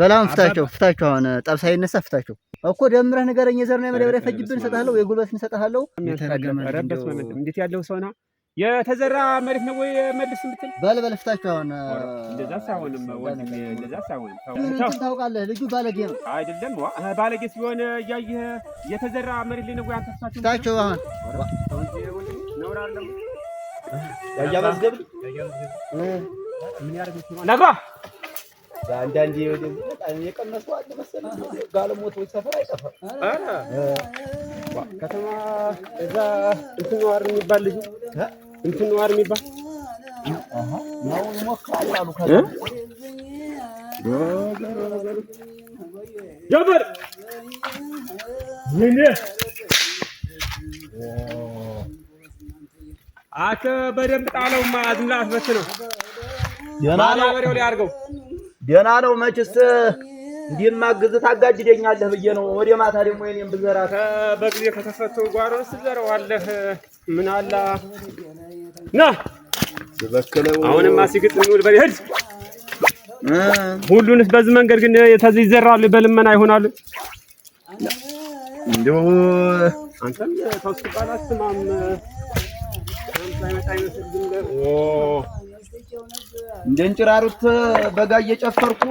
በላም ፍታቸው፣ ፍታቸው። አሁን ጠብ ሳይነሳ ፍታቸው እኮ ደምረህ ንገረኝ። የዘር ነው የመደበሪያ ፈጅብን እሰጥሃለሁ፣ የጉልበት እንሰጥሃለሁ። እንዴት ያለው ሰው ነው? የተዘራ መሬት ነው ወይ መልስ ምትል በል በል፣ ፍታቸው አሁን። እንደዛ ሳይሆንም ወንድሜ፣ እንደዛ ሳይሆንም ታውቃለህ፣ ልጁ ባለጌ ነው አይደለም? ባለጌ ሲሆን እያየህ የተዘራ መሬት ላይ ነው ወይ አንተ? ፍታቸው አሁን ነውራለም ያያመዝገብልኝ ነግባ አንዳንዴ በጣም የቀነሱ አለ መሰለኝ። ጋለሞቶች ሰፈር አይጠፋም። ከተማ እዛ እንትን ነዋር የሚባል ልጅ እንትን ነዋር የሚባል ጀበር ይኔ አንተ በደንብ ጣለውማ ዝም አስበት ነው ማላ ወሬው ላይ አድርገው ደህና ነው። መችስ እንዲማግዝ ታጋጅደኛለህ ብዬ ነው። ወደ ማታ ደግሞ የኔም ብዘራት በጊዜ ከተፈተው ጓሮ ስዘረዋለህ። ምን አላ ና በከለው አሁንማ ሲግጥ ምን ውል በልሄድ ሁሉንስ በዚህ መንገድ ግን ተዚህ ይዘራል በልመና ይሆናል። እንደው አንተም ተውስባላስ ማም አንተ አይመጣ ይመስል ግን ኦ እንደ እንጭራሩት በጋ እየጨፈርኩ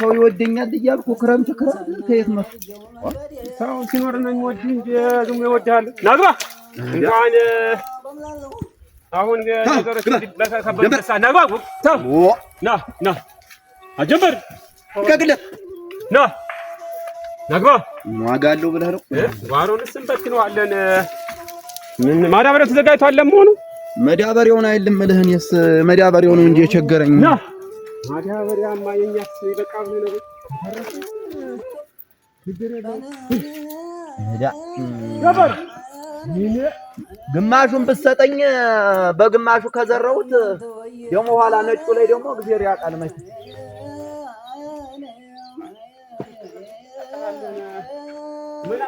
ሰው ይወደኛል እያልኩ ክረምት ክረምት ከየት መጡ? ሰው ሲኖር ነው የሚወድህ እንጂ ዝም ይወድሃል። ናግባ እንኳን አሁን ነገሮች ናግባ ና ና አጀምር ከግለት ና ናግባ ዋጋ ብለህ ነው። ዋሮንስ እንበትነዋለን። ምን ተዘጋጅቷል ለመሆኑ? መዳበሪያውን አይልም እልህ እኔስ መዳበሪያው ነው እንጂ የቸገረኝ። ማዳበሪያማ የኛስ ይበቃ ብሎ ነው ግማሹን ብትሰጠኝ በግማሹ ከዘረውት ደግሞ ኋላ ነጩ ላይ ደግሞ እግዚአብሔር ያውቃል መቼ ምን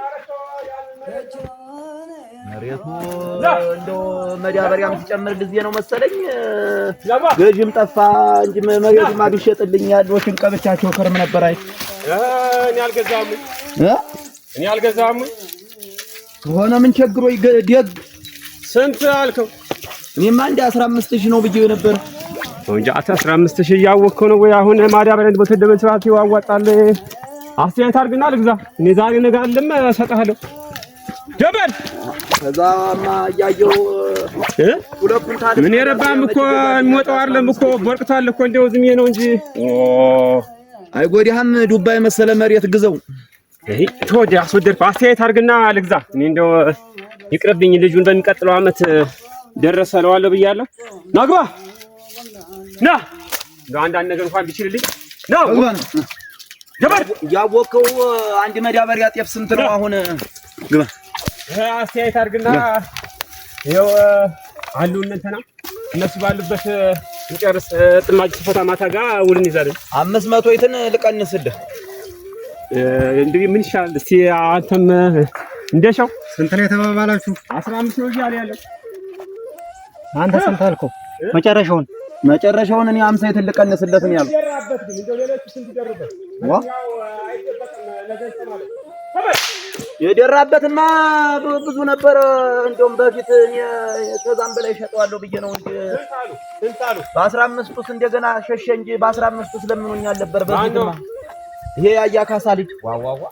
መሬቱ እንደው መዳበሪያም ሲጨምር ጊዜ ነው መሰለኝ። ገዥም ጠፋ እንጂ መሬቱማ ቢሸጥልኛል። ዶችን ቀብቻቸው ከርም ነበር። አይ እኔ አልገዛም እኔ አልገዛም ከሆነ ምን ቸግሮ ይገደግ። ስንት አልከው? እኔማ እንደ 15000 ነው ብዬ ነበር። ወንጃ 15000 እያወቅኸው ነው ወይ? አሁን ማዳበሪያ እንደ ወሰደ ይዋዋጣል። አስተያየት አድርግና ልግዛ። እኔ ዛሬ ነገ አለም እሰጥሃለሁ ደበል ከዛማ እያየሁ ምን የረባም እኮ የሚወጣው አይደለም እኮ ቦርቅቷል እኮ እንደው ዝም ነው እንጂ አይጎዳህም። ዱባይ መሰለ መሬት ግዘው። ይሄ ተወደ አስወደድኩ። አስተያየት አድርግና ልግዛ። እኔ እንደው ይቅርብኝ። ልጁን በሚቀጥለው ዓመት ደረሰ ለዋለሁ ብያለሁ። ናግባ ና አንዳንድ ነገር እንኳን ቢችልልኝ ና ያወቀው አንድ መዳበሪያ ጤፍ ስንት ነው አሁን ግባ አስተያየት አድርግና ይኸው አሉ እንትና እነሱ ባሉበት እንጨርስ። ጥማጅ ስፈታ ማታ ጋር ውልን ይዛለን። አምስት መቶ ይትን ልቀንስልህ። እንግዲህ ምን ይሻላል? እስቲ አንተም እንደሻው ስንት ነው የተባባላችሁ? አስራ ነው እያለ ያለው አንተ ስንት አልከው? መጨረሻውን መጨረሻውን እኔ አምሳ ይትን ልቀንስለት ነው ያለው። ዋ የደራበትማ ብዙ ነበረ። እንደውም በፊት ከዛም በላይ ሸጠዋለሁ ብዬ ነው እንጂ በአስራ አምስቱ ውስጥ እንደገና ሸሸ እንጂ በአስራ አምስቱ ውስጥ ለምኖኛል በፊትማ ይሄ ያያ ካሳ ልጅ ዋዋዋ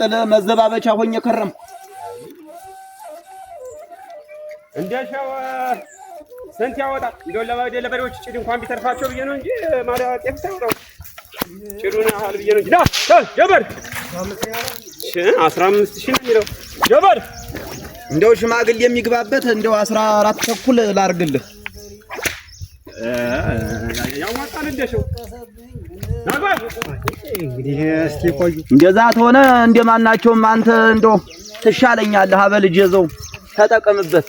ቀን መዘባበቻ ሆኜ ከረምኩ። ስንት ያወጣል? እንደው ለበሬዎች ጭድ እንኳን ቢተርፋቸው ብዬ ነው እንጂ ማዳ ጤፍስ አይወጣው ጭዱን ያህል ብዬ ነው እንጂ ና ጀበር አስራ አምስት ሺህ ነው የሚለው ጀበር እንደው ሽማግሌ የሚግባበት እንደው አስራ አራት ተኩል ላርግልህ ያዋጣል። እንደሸው እንደዛ ተሆነ እንደማናቸውም አንተ እንደው ትሻለኛለህ። አበል ጀዘው ተጠቀምበት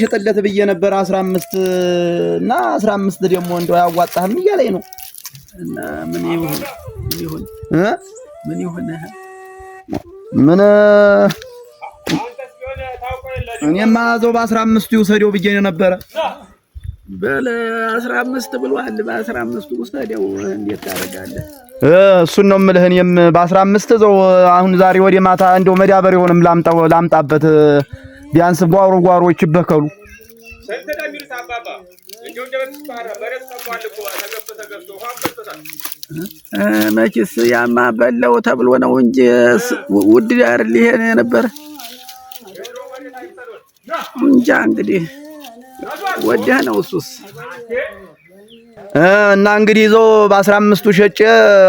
ሸጠለት ብዬ ነበር አስራ አምስት እና አስራ አምስት ደግሞ እንደው አያዋጣህም እያለኝ ነው። ምን ይሁን ምን ይሁን ምን እኔማ እዛው በአስራ አምስቱ ይውሰደው ብዬ ነበረ። በለ አስራ አምስት ብሏል። በአስራ አምስቱ ውሰደው እንዴት ታደርጋለህ? እሱን ነው የምልህ። እኔም በአስራ አምስት እዛው አሁን ዛሬ ወደ ማታ እንደው መዳበር ይሆንም ላምጣው ላምጣበት ቢያንስ ጓሮ ጓሮዎች መችስ ያማ በለው ተብሎ ነው እንጂ ውድ ዳር ይሄ የነበረ እንጃ እንግዲህ ነው እሱስ እና እንግዲህ ይዞ በአስራ አምስቱ ሸጬ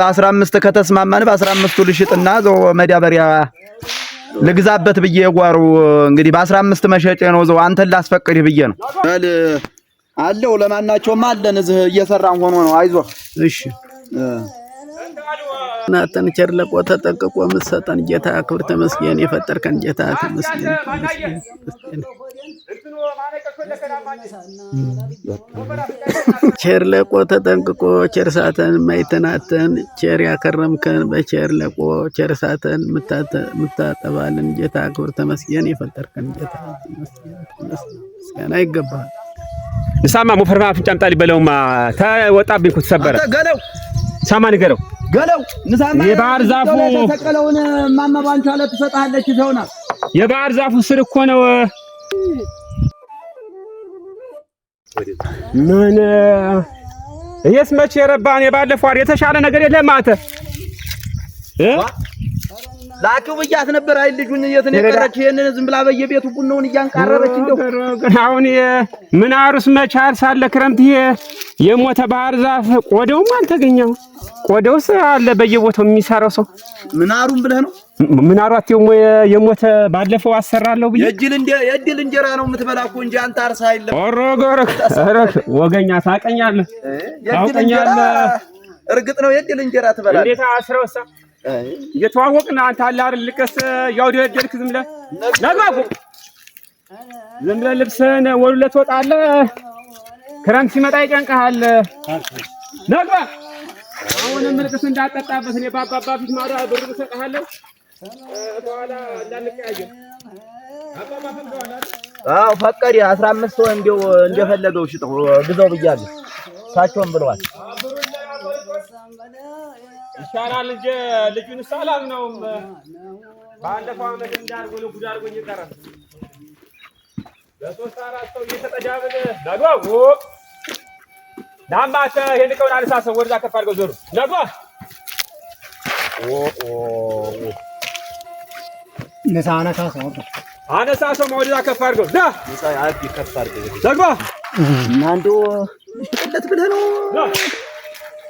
አስራ አምስት ከተስማማን በአስራ አምስቱ ልሽጥና ዞ መዳበሪያ ልግዛበት ብዬ ጓሩ እንግዲህ በአስራ አምስት መሸጬ ነው ዘው አንተን ላስፈቅድህ ብዬ ነው። በል አለው ለማናቸውም አለን እዚህ እየሰራን ሆኖ ነው። አይዞህ እሺ ናተን ቸር ለቆ ተጠቅቆ ምትሰጠን ጌታ ክብር ተመስገን። የፈጠርከን ጌታ ተመስገን። ቸር ለቆ ተጠንቅቆ ቸር ሳተን ማይተናተን ቸር ያከረምከን በቸር ለቆ ቸር ሳተን የምታጠባልን ጌታ ክብር ተመስገን። የፈጠርከን ጌታ ምስጋና ይገባል። ንሳማ ሙፈርማ አፍንጫም ጣል ይበለውማ ተወጣብኝ እኮ ገለው ሳማ ንገረው ገለው ንሳማ የባህር ዛፉ ተቀለውን ማማባንቻ ባንቺ አለ ትሰጣለች። ይዘውና የባህር ዛፉ ስር እኮ ነው። ምን እየስ መቼ የረባን የባለፈው የተሻለ ነገር የለም አንተ እ ላኪው ብያት ነበር። አይ ልጁን የት ነው የቀረች? ይሄንን ዝም ብላ በየቤቱ ቡናውን እያንቃረረች እንደው አሁን ምን አሩስ መቻል ሳለ ክረምት ይሄ የሞተ ባህር ዛፍ ቆዳውም አልተገኘም። ቆዳውስ አለ በየቦታው የሚሰራው ሰው ምን አሩም ብለህ ነው ምን የሞ የሞተ ባለፈው አሰራለሁ ብዬ የእድል እንጀራ ነው የምትበላ እኮ እንጂ አንተ አርሰህ አይደለም። ኦሮ ጎሮ ወገኛ ታውቀኛለህ፣ ታውቀኛለህ። እርግጥ ነው የእድል እንጀራ ትበላለህ። እንዴት አስረውሳ እየተዋወቅን አንተ አለ አይደል ልቀስ ያው ደደድክ ዝም ብለህ ነግባኩ ዝም ብለህ ልብስህን ወሉ ትወጣለህ። ክረምት ሲመጣ ይጨንቀሃል። ነግባ አሁንም ልቅስ እንዳጠጣበት እኔ በአባባ ፊት ማዳ ብር እሰጥሃለሁ። በኋላ እንዳንቀያየር አዎ ፈቀደ። አስራ አምስት ሰው እንደው እንደፈለገው ሽጠው ግዛው ብያለሁ። እሳቸውም ብለዋል። ይሻላል እንጂ ልጁን አላምነውም። ባለፈው ዓመት እንዳርጎ ነው ጉድ አርጎ እየቀረ በሶስት አራት ሰው እየተጠዳብን ነግባ ወ ዳማተ ሄንቀውን አልሳሰብ ወደዛ ከፍ አድርገው ዞሩ ነግባ አነሳሰው ወደዛ ከፍ አድርገው ነግባ እናንዱ ቅለት ብለህ ነው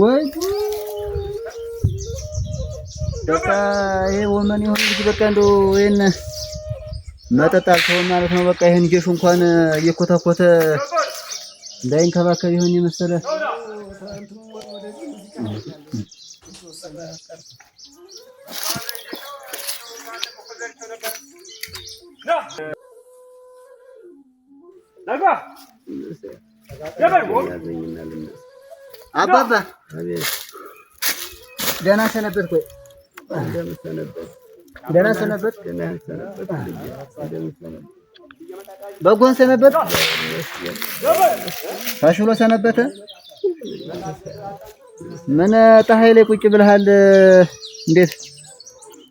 ወይ በቃ ይሄ ወመን የሆነ እንግዲህ በቃ እንደው ይሄን መጠጥ አልተውም ማለት ነው። በቃ ይሄን ጌሹ እንኳን እየኮተኮተ እንዳይንከባከብ ይሁን የመሰለ አባባ ደህና ሰነበት ወይ? ደህና ሰነበት። በጎን ሰነበት። ታሽሎ ሰነበተ። ምን ፀሐይ ላይ ቁጭ ብለሃል? እንዴት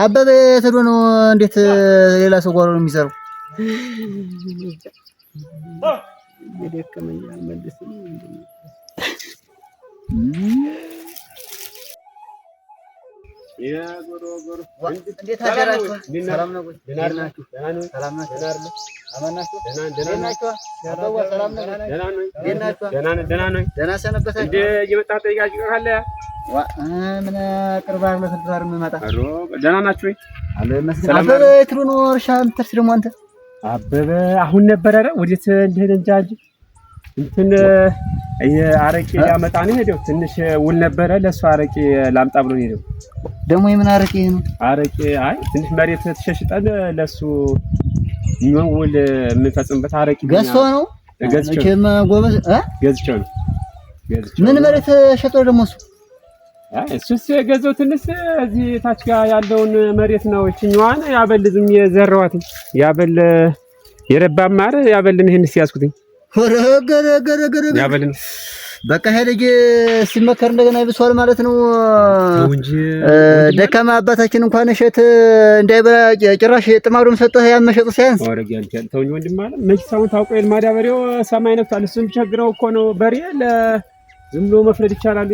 አበበ የት ሄዶ ነው? እንዴት ሌላ ሰው ጓሮ ነው የሚሰራው? እንዴት ሰላም ነው? ሰላም ነው? ደህና ሰነበታችሁ? እየመጣህ ጠይቃችሁ አለ ምን ቅርብ ዓመት ነበር የምመጣ። ደህና ናችሁ ወይ? አበበ የት እርሻ የምትደርስ ደግሞ አንተ? አበበ አሁን ነበረ ወዴት እንደሄደ እንጃ እንጂ እንትን አረቄ ሊያመጣ ነው የሄደው። ትንሽ ውል ነበረ ለእሱ አረቄ ላምጣ ብሎ ሄደው። ደግሞ የምን አረቄ ነው? አረቄ አይ ትንሽ መሬት ተሸሽጠን ለእሱ ውል የምንፈጽምበት አረቄ ገዝቶ ነው። ነው። ምን መሬት ደግሞ እሱ እሱስ የገዘው ትንሽ እዚህ ታች ጋር ያለውን መሬት ነው። እችኛዋን ያበል ዝም የዘራዋት ያበል የረባ ማረ ያበልን ይሄን ሲያስኩትኝ ያበልን በቃ ይሄ ልጅ ሲመከር እንደገና ይብሷል ማለት ነው። ደካማ አባታችን እንኳን እሸት እንዳይበላ ጭራሽ ጥማዱን ሰጠህ። ያን መሸጡ ሳያንስ ተውኝ ወንድም አለ መኪሳውን ታውቆ ማዳበሬው ሰማይ ነክቷል። እሱም ቸግረው እኮ ነው በሬ ዝም ብሎ መፍረድ ይቻላል።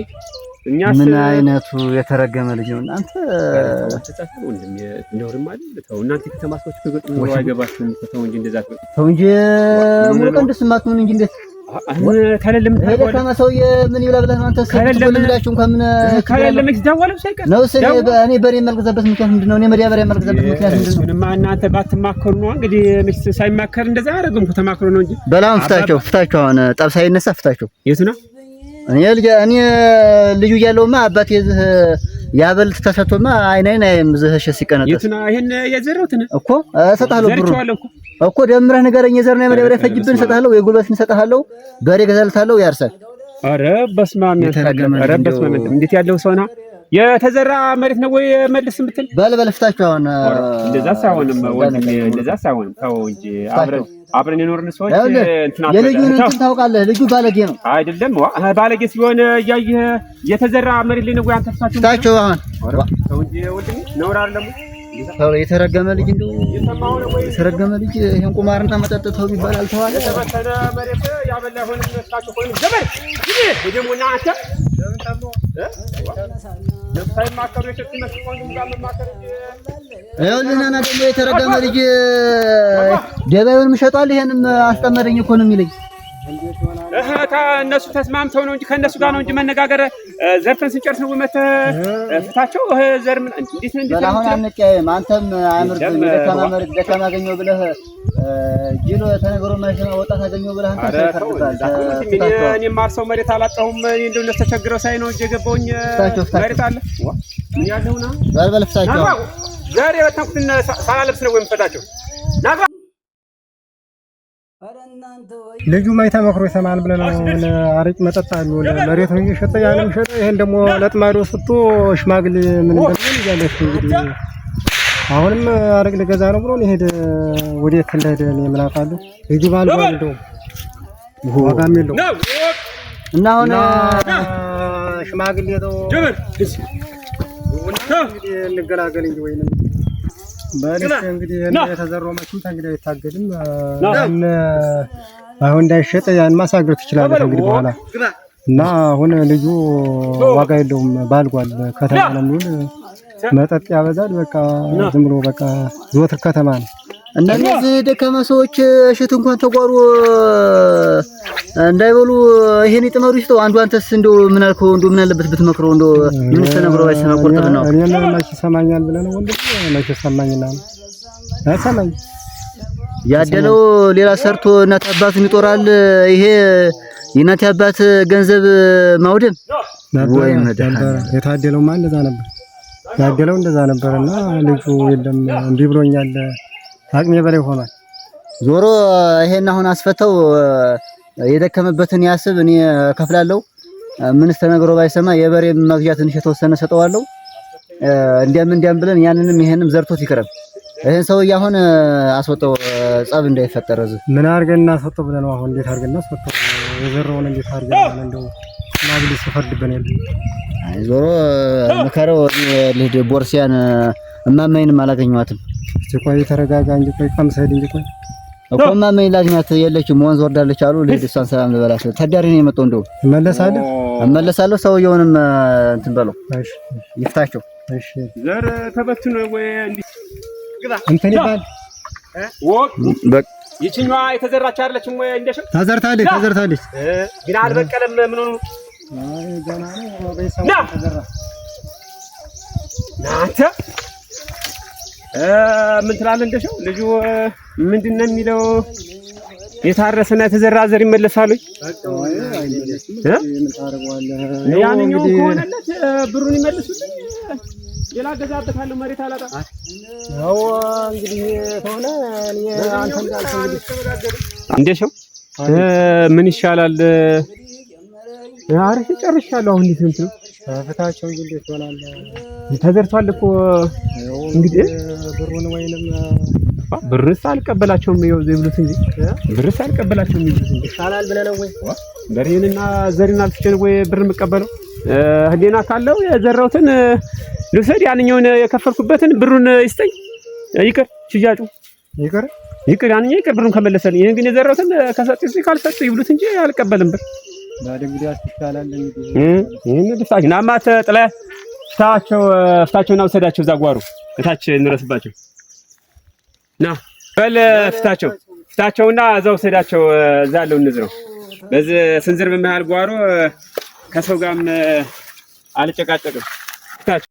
ምን አይነቱ የተረገመ ልጅ ነው! እናንተ ተው እንጂ ሙሉ ቀን ደስ እንጂ እንዴት ምን ይብላ ብለህ ነው ሳይቀር ነው እኔ በሬ የማልገዛበት ምክንያት ምንድን ምክንያት ባትማከሩ ነው እንግዲህ። ሳይማከር እንደዛ ነው እንጂ። ፍታቸው፣ ፍታቸው። አሁን ጠብ ሳይነሳ ፍታቸው። የቱ ነው እኔ ልጅ እኔ ልዩ እያለሁማ አባቴ ያበል ተሰጥቶማ አይናይን አይም ዝህሽ ሲቀነጠስ የትና ይሄን የዘረውት ነው እኮ እሰጥሃለሁ። ብሩ እኮ ደምረህ ንገረኝ። የዘር ነው የመደብሪያ ፈጅብን እሰጥሃለሁ፣ የጉልበትን እሰጥሃለሁ፣ በሬ ገዛልታለሁ፣ ያርሳል። አረ በስመ አብ አረ በስመ አብ እንዴት ያለው ሰውና የተዘራ መሬት ነው ወይ መልስ ምትል በል በል ፍታችሁ። አሁን እንደዛ ሳይሆንም ወንድሜ እንደዛ ሳይሆንም ተው እንጂ አብረን አብረን የኖርን ሰዎች የልጁን እንትን ታውቃለህ። ልጁ ባለጌ ነው አይደለም? ባለጌ ሲሆን እያየህ የተዘራ መሬት ላይ ነው ወይ አንተ? ፍሳቸው አሁን የተረገመ ልጅ እንደው የተረገመ ልጅ ይሄን ቁማርና መጠጥ ተው ቢባል አልተዋለ። ተበተነ መሬት ያበላ ሆነ ፍሳቸው ሆነ ነና ደግሞ የተረገመ ልጅ ደበዩን ሸጧል። ይሄንም አስጠመደኝ እኮ ነው የሚለኝ እነሱ ተስማምተው ነው እንጂ ከእነሱ ጋር ነው እንጂ መነጋገር ዘርፍን ስንጨርስ ነው መተህ ፍታቸው ዘር እንዴት እንዴት አሁን አንቀየም። አንተም አያምርብህም። ደካማመር መሬት ደካማ አገኘሁ ብለህ ጅሎ ተነግሮ ማሽን ወጣት አገኘሁ ብለህ አንተ ተፈርታለህ። እኔ ማርሰው መሬት አላጣሁም። እንደው እነሱ ተቸግረው ሳይ ነው እንጂ የገባሁኝ መሬት አለ ምን ያለውና ዘር በል ፍታቸው። ዘር የበተንኩትን ሳላለብስ ነው የምፈታቸው ናጋ ልጁ ማይታ መክሮ ይሰማል ብለን አረቂ መጠጣ ነው መሬት ነው እየሸጠ ያንም ሸጠ። ይሄን ደግሞ ለጥማዶ ስቶ ሽማግሌ ምን እንደምን እያለች እንግዲህ አሁንም አረቂ ልገዛ ነው ብሎ ነው ሄደ። ወዴት እንደሄደ ነው ምን አውቃለሁ። ልጁ ባል ባል ነው ዋጋም የለውም እና አሁን ሽማግሌ ነው እንገላገል እንጂ ወይንም እንግዲህ አሁን እንዳይሸጥ ያን ማሳገር ትችላለህ እንግዲህ በኋላ እና አሁን ልጁ ዋጋ የለውም። ባልጓል ከተማ ነው የሚውል መጠጥ ያበዛል። በቃ ዝም ብሎ በቃ ዘወትር ከተማ ነው እና እነዚህ ደካማ ሰዎች እሽት እንኳን ተጓሩ እንዳይበሉ ይሄን ይጥመሩ ይስጠው። አንዱ አንተስ እንደው ምን አልከው? እንደው ምን አለበት ብትመክረው? እንደው ምን ተነግረው አይሰማቆርጥም ነው እኔ ለምን ማሽ ሰማኛል ብለህ ነው ወንድም ማሽ ይሰማኝና አሰማኝ ያደለው ሌላ ሰርቶ እናት አባቱን ይጦራል። ይሄ የእናት አባት ገንዘብ ማውደም ወይ መዳን የታደለው ማን እንደዛ ነበር ያደለው እንደዛ ነበርና ልጁ የለም እምቢ ብሎኛል አቅሜ በላይ ሆኗል። ዞሮ ይሄን አሁን አስፈተው የደከመበትን ያስብ፣ እኔ ከፍላለሁ። ምንስ ተነግሮ ባይሰማ የበሬ መግዣ ትንሽ የተወሰነ ሰጠዋለሁ። እንዲያም እንዲያም ብለን ያንንም ይሄንም ዘርቶት ይቅረም። ይሄን ሰውዬ አሁን አስወጣው፣ ጸብ እንዳይፈጠር። እዚህ ምን አድርገን እናስወጣው ብለን አሁን እንዴት አድርገን እናስወጣው? የዘረውን እንዴት አድርገን ማለት እንደው ማግሌ ሲፈርድብን ያለ አይ፣ ዞሮ መከረው ልሂድ። ቦርሲያን እማማይንም አላገኘኋትም። እስቲ ቆይ ተረጋጋ እንጂ ቆይ ቀምሰህ ሂድ እንጂ ቆይ እኮ ማመኝ ላጅ ናት የለችም። ወንዝ ወርዳለች አሉ። ልጅ እሷን ሰላም ልበላት። ታዳሪ ነው የመጣው። እንደው እመለሳለሁ እመለሳለሁ። ሰውየውንም እንትን በለው እሺ ይፍታቸው። እሺ ዘር ተበትኖ ወይ እንዲህ ግባ እንትን ይባል ወቅ ይችኛዋ የተዘራች አይደለችም ወይ? እንደሽም ተዘርታለች፣ ተዘርታለች ግን አልበቀለም። ምን ሆኑ አይ ገና ነው። ወይ ሰው ተዘራ ናተ ምን ትላለህ? እንደሻው ልጁ ምንድን ነው የሚለው? የታረሰና የተዘራ ዘር ይመለሳሉ። ያንኛውን ከሆነለት ብሩን ይመልሱልኝ። ሌላ ገዛበታለሁ። መሬት አላጣ እንደሻው ምን ይሻላል? አሪፍ ጨርሻለሁ። አሁን እንዴት ነው ከፍታቸው እንጂ እንዴት ይሆናል? ተዘርቷል እኮ እንግዲህ ብሩን ወይንም ብርስ አልቀበላቸውም ይብሉት እንጂ ብርስ አልቀበላቸውም ይብሉት እንጂ ይሻላል ብለህ ነው ወይ በሬንና ዘሪን አልስቸን ወይ ብር የምቀበለው ህሊና ካለው የዘራሁትን ልውሰድ፣ ያንኛውን የከፈልኩበትን ብሩን ይስጠኝ። ይቅር ሽያጩ ይቅር ይቅር፣ ያንኛው ይቅር ብሩን ከመለሰልኝ። ይህን ግን የዘራሁትን ከሰጡ ካልሰጡ ይብሉት እንጂ አልቀበልም ብር ይህን ናማ ጥለህ ፍታቸው፣ ፍታቸውና ውሰዳቸው። እዛ ጓሮ እታች እንረስባቸው። ና በል ፍታቸው፣ ፍታቸውና እዛ ውሰዳቸው። እዛ ያለው በዚህ ስንዝር በመሃል ጓሮ ከሰው ጋርም አልጨቃጨቅም። ፍታቸው።